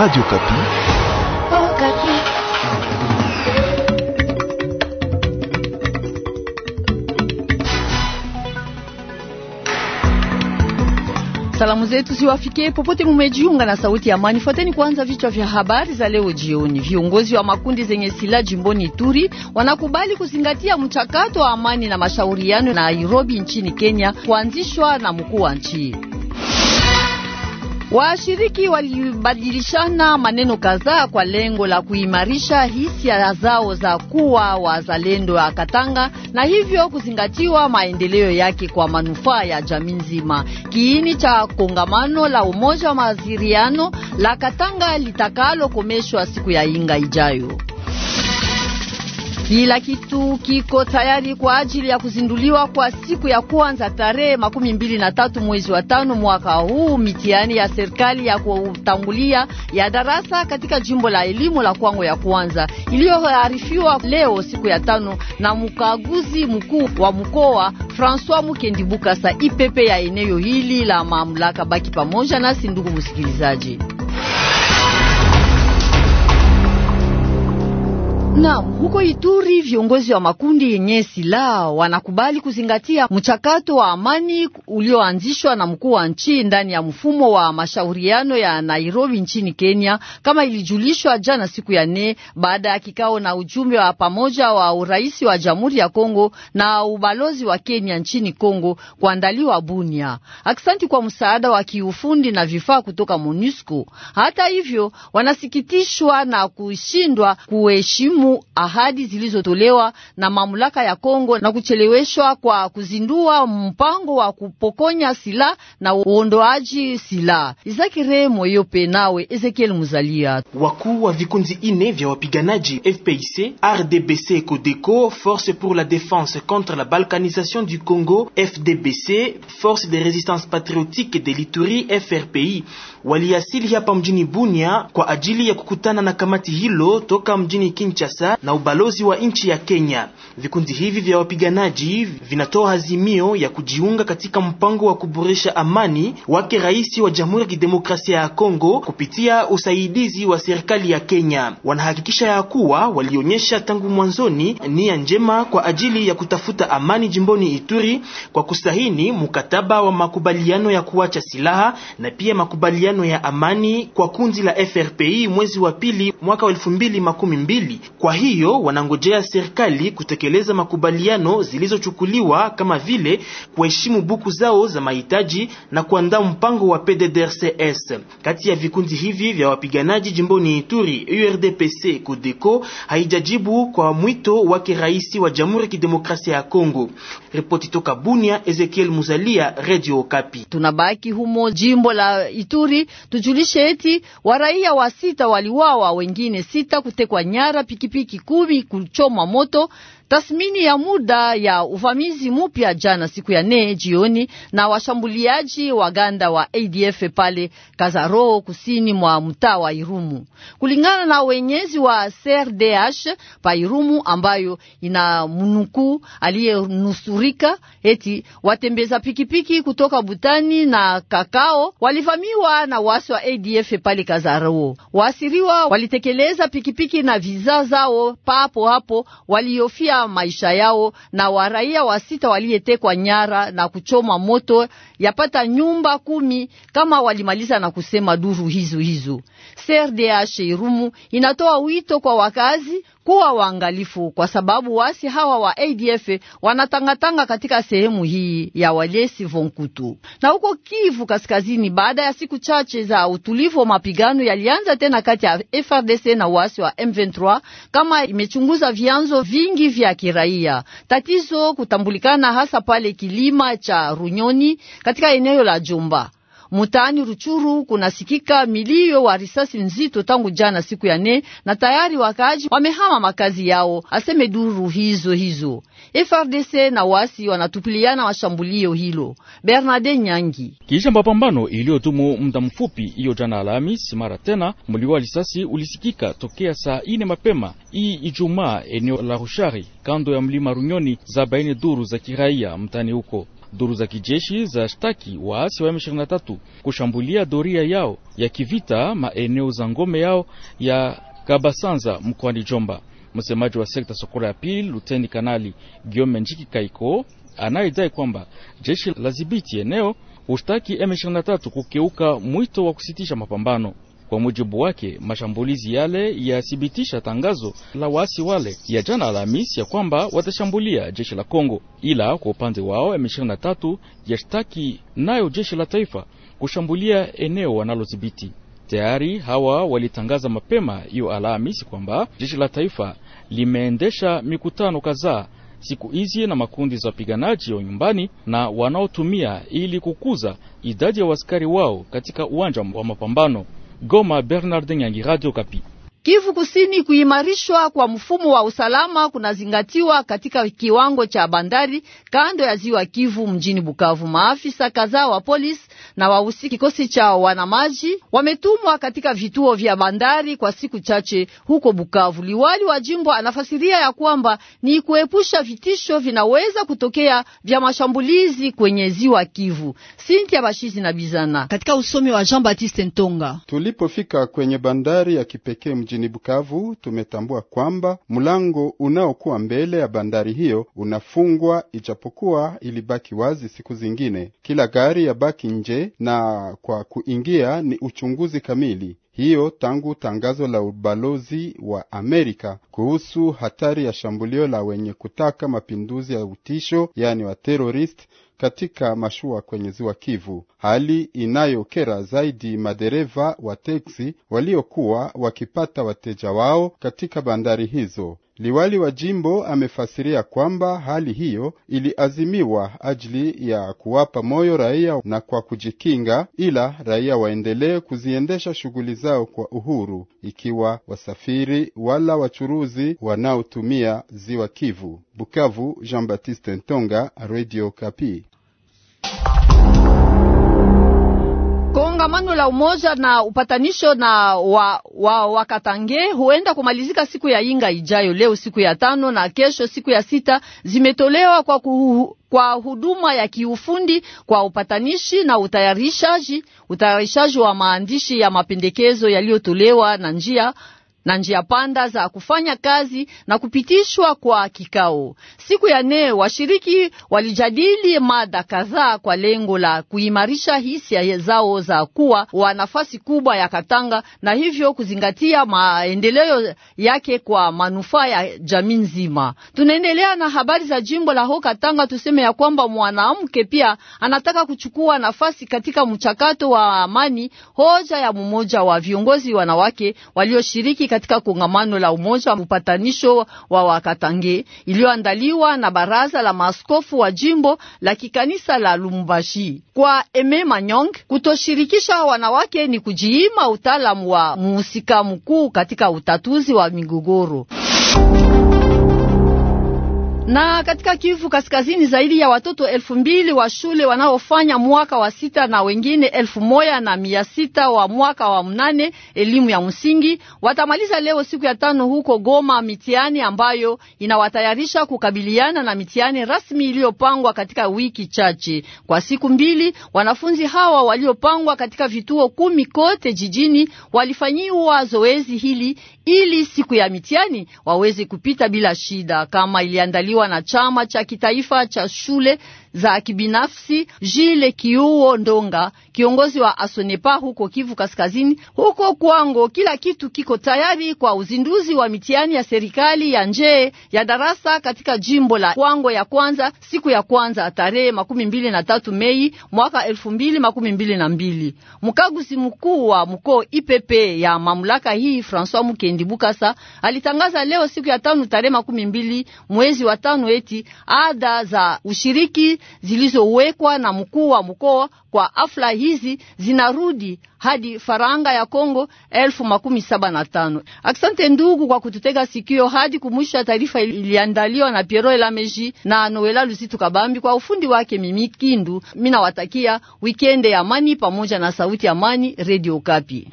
Radio oh, Kapi. Salamu zetu ziwafikie popote mumejiunga na sauti ya amani. Fuateni kwanza vichwa vya habari za leo jioni. Viongozi wa makundi zenye silaha jimboni Ituri wanakubali kuzingatia mchakato wa amani na mashauriano na Nairobi nchini Kenya kuanzishwa na mkuu wa nchi. Washiriki walibadilishana maneno kadhaa kwa lengo la kuimarisha hisia zao za kuwa wazalendo wa Katanga na hivyo kuzingatiwa maendeleo yake kwa manufaa ya jamii nzima. Kiini cha kongamano la umoja wa maziriano la Katanga litakalokomeshwa siku ya Inga ijayo. Kila kitu kiko tayari kwa ajili ya kuzinduliwa kwa siku ya kwanza tarehe makumi mbili na tatu mwezi wa tano mwaka huu mitihani ya serikali ya kutangulia ya darasa katika jimbo la elimu la Kwango ya kwanza iliyoharifiwa leo siku ya tano na mkaguzi mkuu wa mkoa Francois Mukendi Bukasa. Ipepe ya eneo hili la mamlaka. Baki pamoja nasi ndugu msikilizaji. Na huko Ituri viongozi wa makundi yenye silaha wanakubali kuzingatia mchakato wa amani ulioanzishwa na mkuu wa nchi ndani ya mfumo wa mashauriano ya Nairobi nchini Kenya, kama ilijulishwa jana siku ya nne baada ya kikao na ujumbe wa pamoja wa urais wa Jamhuri ya Kongo na ubalozi wa Kenya nchini Kongo kuandaliwa Bunia. Aksanti kwa msaada wa kiufundi na vifaa kutoka MONUSCO. Hata hivyo, wanasikitishwa na kushindwa kuheshimu kuheshimu ahadi zilizotolewa na mamlaka ya Kongo na kucheleweshwa kwa kuzindua mpango wa kupokonya silaha na uondoaji silaha. Izakire Moyope nawe Ezekiel Muzalia. Wakuu wa vikundi ine vya wapiganaji FPIC, RDBC, Codeco, Force pour la défense contre la balkanisation du Congo, FDBC, Force de résistance patriotique de l'Ituri, FRPI waliasili hapa mjini Bunia kwa ajili ya kukutana na kamati hilo toka mjini Kinshasa. Mombasa na ubalozi wa nchi ya Kenya. Vikundi hivi vya wapiganaji vinatoa azimio ya kujiunga katika mpango wa kuboresha amani wake rais wa Jamhuri ya Kidemokrasia ya Kongo kupitia usaidizi wa serikali ya Kenya. Wanahakikisha ya kuwa walionyesha tangu mwanzoni nia njema kwa ajili ya kutafuta amani jimboni Ituri kwa kusahini mkataba wa makubaliano ya kuacha silaha na pia makubaliano ya amani kwa kundi la FRPI mwezi wa pili mwaka wa elfu mbili makumi mbili. Kwa hiyo wanangojea serikali kutekeleza makubaliano zilizochukuliwa kama vile kuheshimu buku zao za mahitaji na kuandaa mpango wa PDDRCS. Kati ya vikundi hivi vya wapiganaji jimboni Ituri, URDPC Kudeko haijajibu kwa mwito wake rais wa Jamhuri ya Kidemokrasia ya Kongo. Ripoti toka Bunia, Ezekiel Muzalia, Radio Okapi. Tunabaki humo jimbo la Ituri, tujulishe eti waraia wa sita waliwawa, wengine sita kutekwa nyara pikipiki pikipiki kumi, Kuchomo Tathmini ya muda ya uvamizi mupya jana siku ya nne jioni na washambuliaji Waganda wa ADF pale Kazaro kusini mwa mtaa wa Irumu, kulingana na wenyezi wa CRDH pa Irumu ambayo ina mnukuu aliyenusurika eti watembeza pikipiki kutoka Butani na Kakao walivamiwa na wasi wa ADF pale Kazaro. Waasiriwa walitekeleza pikipiki na vizaa zao papo hapo waliofia kupoteza maisha yao na waraia wa sita waliyetekwa nyara na kuchomwa moto yapata nyumba kumi, kama walimaliza na kusema duru hizo hizo. CRDH Irumu inatoa wito kwa wakazi kuwa waangalifu, kwa sababu wasi hawa wa ADF wanatangatanga katika sehemu hii ya Walesi Vonkutu na huko Kivu Kaskazini. Baada ya siku chache za utulivu wa mapigano, yalianza tena kati ya FRDC na wasi wa M23, kama imechunguza vyanzo vingi vya kiraia. Tatizo kutambulikana hasa pale kilima cha Runyoni katika eneo la Jumba mutani Ruchuru kunasikika milio wa risasi nzito tangu jana siku ya nne, na tayari wakaaji wamehama makazi yao, aseme duru hizo hizo. FRDC na wasi wanatupiliana mashambulio hilo. Bernade Nyangi. Kisha mapambano iliyotumu muda mfupi hiyo jana Alhamis, mara tena mlio wa risasi ulisikika tokea saa ine mapema hii Ijumaa eneo la Rushari kando ya mlima Runyoni za baini duru za kiraia mtani huko Duru za kijeshi za shtaki waasi wa M23 kushambulia doria yao ya kivita maeneo za ngome yao ya Kabasanza mkoani Jomba. Msemaji wa sekta Sokola ya pili, Luteni Kanali Giome Njiki Kaiko, anayedai kwamba jeshi la dhibiti eneo ushtaki M23 kukeuka mwito wa kusitisha mapambano. Kwa mujibu wake, mashambulizi yale yathibitisha tangazo la waasi wale ya jana Alhamisi ya kwamba watashambulia jeshi la Kongo, ila kwa upande wao M23 yashtaki nayo jeshi la taifa kushambulia eneo wanalodhibiti. Tayari hawa walitangaza mapema hiyo Alhamisi kwamba jeshi la taifa limeendesha mikutano kadhaa siku hizi na makundi za wapiganaji wa nyumbani na wanaotumia ili kukuza idadi ya waskari wao katika uwanja wa mapambano. Goma Bernard Deniagi, Radio Kapi. Kivu Kusini, kuimarishwa kwa mfumo wa usalama kunazingatiwa katika kiwango cha bandari kando ya ziwa Kivu mjini Bukavu. Maafisa kadhaa wa polisi na wahusika kikosi cha wanamaji wametumwa katika vituo vya bandari kwa siku chache huko Bukavu. Liwali wa jimbo anafasiria ya kwamba ni kuepusha vitisho vinaweza kutokea vya mashambulizi kwenye ziwa Kivu. Sintia Bashizi na Bizana katika usomi wa Jean Baptiste Ntonga. Tulipofika kwenye bandari ya kipekee mjini Bukavu tumetambua kwamba mlango unaokuwa mbele ya bandari hiyo unafungwa, ijapokuwa ilibaki wazi siku zingine. Kila gari yabaki nje, na kwa kuingia ni uchunguzi kamili hiyo tangu tangazo la ubalozi wa Amerika kuhusu hatari ya shambulio la wenye kutaka mapinduzi ya utisho, yaani wa terorist katika mashua kwenye ziwa Kivu, hali inayokera zaidi madereva wa teksi waliokuwa wakipata wateja wao katika bandari hizo. Liwali wa jimbo amefasiria kwamba hali hiyo iliazimiwa ajili ya kuwapa moyo raia na kwa kujikinga, ila raia waendelee kuziendesha shughuli zao kwa uhuru, ikiwa wasafiri wala wachuruzi wanaotumia ziwa Kivu. Bukavu, Jean Baptiste Ntonga, Radio Kapi kongamano la umoja na upatanisho na wa, wa wakatange huenda kumalizika siku ya Inga ijayo. Leo siku ya tano na kesho siku ya sita zimetolewa kwa kuhu, kwa huduma ya kiufundi kwa upatanishi na utayarishaji utayarishaji wa maandishi ya mapendekezo yaliyotolewa na njia na njia panda za kufanya kazi na kupitishwa kwa kikao. Siku ya nne, washiriki walijadili mada kadhaa kwa lengo la kuimarisha hisia zao za kuwa wa nafasi kubwa ya Katanga na hivyo kuzingatia maendeleo yake kwa manufaa ya jamii nzima. Tunaendelea na habari za jimbo la ho Katanga. Tuseme ya kwamba mwanamke pia anataka kuchukua nafasi katika mchakato wa amani, hoja ya mmoja wa viongozi wanawake walioshiriki katika kongamano la umoja wa upatanisho wa Wakatange iliyoandaliwa na baraza la maaskofu wa jimbo la kikanisa la Lumbashi. Kwa Eme Manyong, kutoshirikisha wanawake ni kujiima utaalamu wa muhusika mkuu katika utatuzi wa migogoro na katika Kivu Kaskazini zaidi ya watoto elfu mbili wa shule wanaofanya mwaka wa sita na wengine elfu moja na mia sita wa mwaka wa mnane elimu ya msingi watamaliza leo siku ya tano huko Goma mitihani ambayo inawatayarisha kukabiliana na mitihani rasmi iliyopangwa katika wiki chache. Kwa siku mbili, wanafunzi hawa waliopangwa katika vituo kumi kote jijini walifanyiwa zoezi hili ili siku ya mitihani waweze kupita bila shida kama iliandaliwa wanachama cha kitaifa cha shule za kibinafsi. Jile Kiuo Ndonga, kiongozi wa Asonepa huko Kivu Kaskazini, huko Kwango kila kitu kiko tayari kwa uzinduzi wa mitihani ya serikali ya nje ya darasa katika jimbo la Kwango ya kwanza siku ya kwanza tarehe makumi mbili na tatu Mei mwaka elfu mbili makumi mbili na mbili. Mkaguzi mkuu wa mkoo Ipepe ya mamlaka hii Francois Mukendi Bukasa alitangaza leo siku ya tano tarehe makumi mbili mwezi wa tano eti ada za ushiriki zilizowekwa na mkuu wa mkoa kwa afla hizi zinarudi hadi faranga ya Kongo elfu makumi saba na tano. Aksante ndugu kwa kututega sikio hadi kumwisha. Taarifa iliandaliwa na Piero Elameji na Noela Luzitu Kabambi kwa ufundi wake. Mimi Kindu mina watakia wikende ya amani pamoja na sauti ya amani, Radio Kapi.